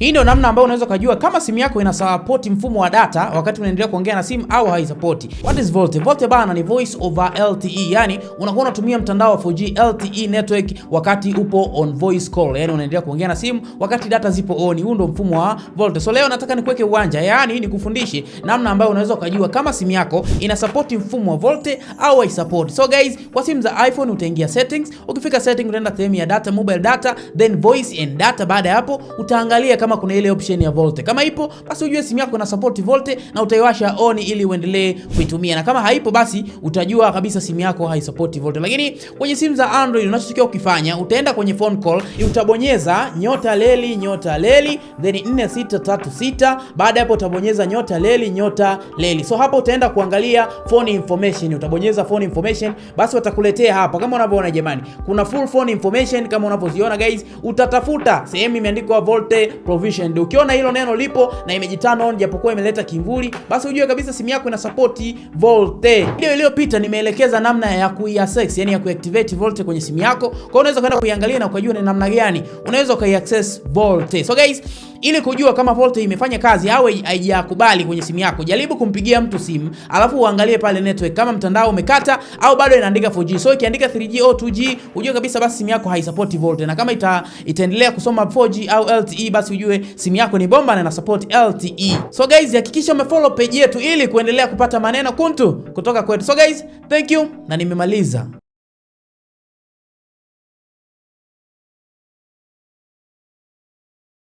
Hii ndio namna ambayo unaweza kujua kama simu yako ina support mfumo wa data wakati unaendelea kuongea na simu au haisupport. What is VoLTE? VoLTE bana ni voice over LTE, yani unakuwa unatumia mtandao wa 4G LTE network wakati upo on voice call, yani unaendelea kuongea na simu wakati data zipo on. Huu ndio mfumo wa VoLTE. So leo nataka nikuweke uwanja, yani nikufundishe namna ambayo unaweza kujua kama simu yako ina support mfumo wa VoLTE au haisupport. So guys, kwa simu za iPhone utaingia settings, ukifika settings utaenda sehemu ya data, mobile data, then voice and data. Baada ya hapo utaangalia kama kama kuna ile option ya Volte. Kama ipo basi ujue simu yako ina support Volte na utaiwasha on ili uendelee kuitumia, na kama haipo basi utajua kabisa simu yako haisupport Volte. Lakini kwenye simu za Android unachotakiwa kufanya, utaenda kwenye phone call, utabonyeza nyota leli nyota leli then 4636. Baada hapo utabonyeza nyota leli nyota leli, so hapo utaenda kuangalia phone information, utabonyeza phone information, basi watakuletea hapa kama unavyoona jamani, kuna full phone information kama unavyoziona guys, utatafuta sehemu imeandikwa Volte Pro provision. Ukiona hilo neno lipo na imejiturn on japokuwa imeleta kivuli, basi ujue kabisa simu yako ina support Volte. Video iliyopita nimeelekeza namna ya kuiaccess, yani ya kuactivate Volte kwenye simu yako. Kwa hiyo unaweza kwenda kuiangalia na ukajua ni namna gani unaweza ukaiaccess Volte. So guys ili kujua kama voltage imefanya kazi au haijakubali kwenye simu yako, jaribu kumpigia mtu simu, alafu uangalie pale network kama mtandao umekata au bado inaandika 4G. So ikiandika 3G au 2G, ujue kabisa basi simu yako haisupport voltage, na kama ita, itaendelea kusoma 4G au LTE, basi ujue simu yako ni bomba na ina support LTE. So guys, hakikisha umefollow page yetu ili kuendelea kupata maneno kuntu kutoka kwetu. So guys, thank you na nimemaliza.